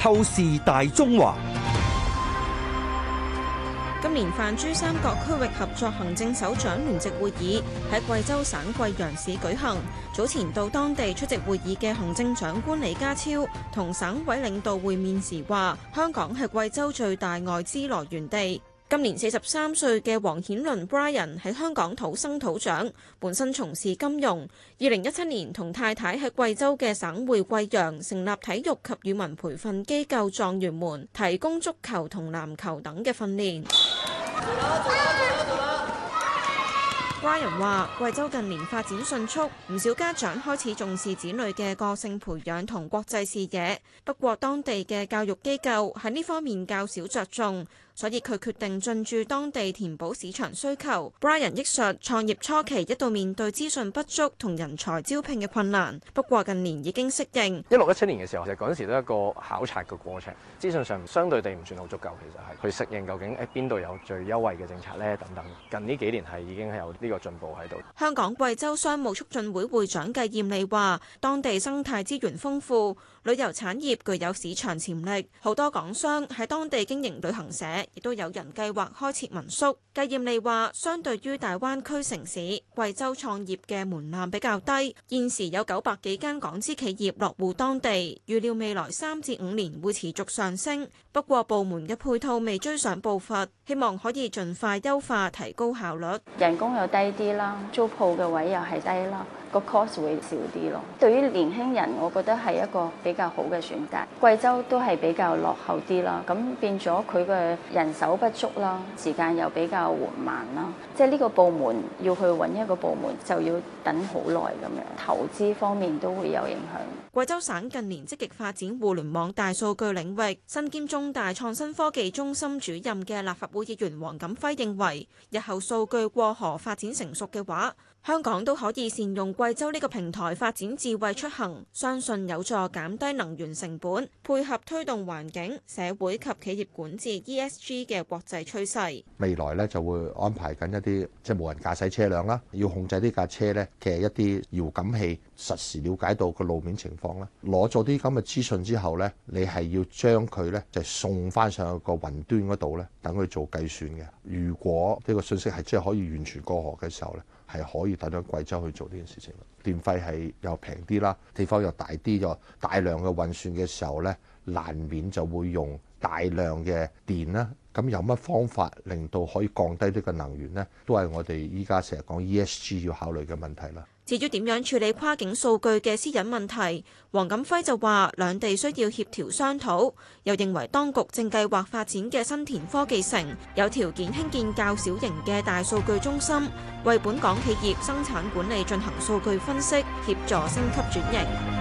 透視大中華。今年泛珠三角區域合作行政首長聯席會議喺貴州省貴陽市舉行。早前到當地出席會議嘅行政長官李家超同省委領導會面時話：香港係貴州最大外資來源地。今年四十三歲嘅黃顯倫 Brian 喺香港土生土長，本身從事金融。二零一七年同太太喺貴州嘅省會貴陽成立體育及語文培訓機構狀元門，提供足球同籃球等嘅訓練。Brian 話：貴州近年發展迅速，唔少家長開始重視子女嘅個性培養同國際視野，不過當地嘅教育機構喺呢方面較少着重。所以佢決定進駐當地，填補市場需求。Brian 憶述，創業初期一度面對資訊不足同人才招聘嘅困難，不過近年已經適應。一六一七年嘅時候，其實嗰陣時都一個考察嘅過程，資訊上相對地唔算好足夠。其實係去適應究竟喺邊度有最優惠嘅政策咧等等。近呢幾年係已經係有呢個進步喺度。香港惠州商務促進會會長嘅葉利話：，當地生態資源豐富，旅遊產業,業具有市場潛力，好多港商喺當地經營旅行社。亦都有人計劃開設民宿。計豔利話，相對於大灣區城市，貴州創業嘅門檻比較低。現時有九百幾間港資企業落戶當地，預料未來三至五年會持續上升。不過部門嘅配套未追上步伐，希望可以盡快優化，提高效率。人工又低啲啦，租鋪嘅位又係低啦。個 cost 會少啲咯，對於年輕人，我覺得係一個比較好嘅選擇。貴州都係比較落後啲啦，咁變咗佢嘅人手不足啦，時間又比較緩慢啦，即係呢個部門要去搵一個部門就要等好耐咁樣。投資方面都會有影響。貴州省近年積極發展互聯網大數據領域，身兼中大創新科技中心主任嘅立法會議員黃錦輝認為，日後數據過河發展成熟嘅話，香港都可以善用貴州呢個平台發展智慧出行，相信有助減低能源成本，配合推動環境、社會及企業管治 （ESG） 嘅國際趨勢。未來咧，就會安排緊一啲即係無人駕駛車輛啦。要控制呢架車咧，其實一啲遙感器實時了解到個路面情況啦，攞咗啲咁嘅資訊之後咧，你係要將佢咧就送翻上去個雲端嗰度咧，等佢做計算嘅。如果呢個信息係真係可以完全過河嘅時候咧。係可以帶到貴州去做呢件事情啦，電費係又平啲啦，地方又大啲，大量嘅運算嘅時候咧，難免就會用，大量嘅電啦，咁有乜方法令到可以降低呢個能源呢？都係我哋依家成日講 ESG 要考慮嘅問題啦。至於點樣處理跨境數據嘅私隱問題，黃錦輝就話兩地需要協調商討，又認為當局正計劃發展嘅新田科技城，有條件興建較小型嘅大數據中心，為本港企業生產管理進行數據分析，協助升級轉型。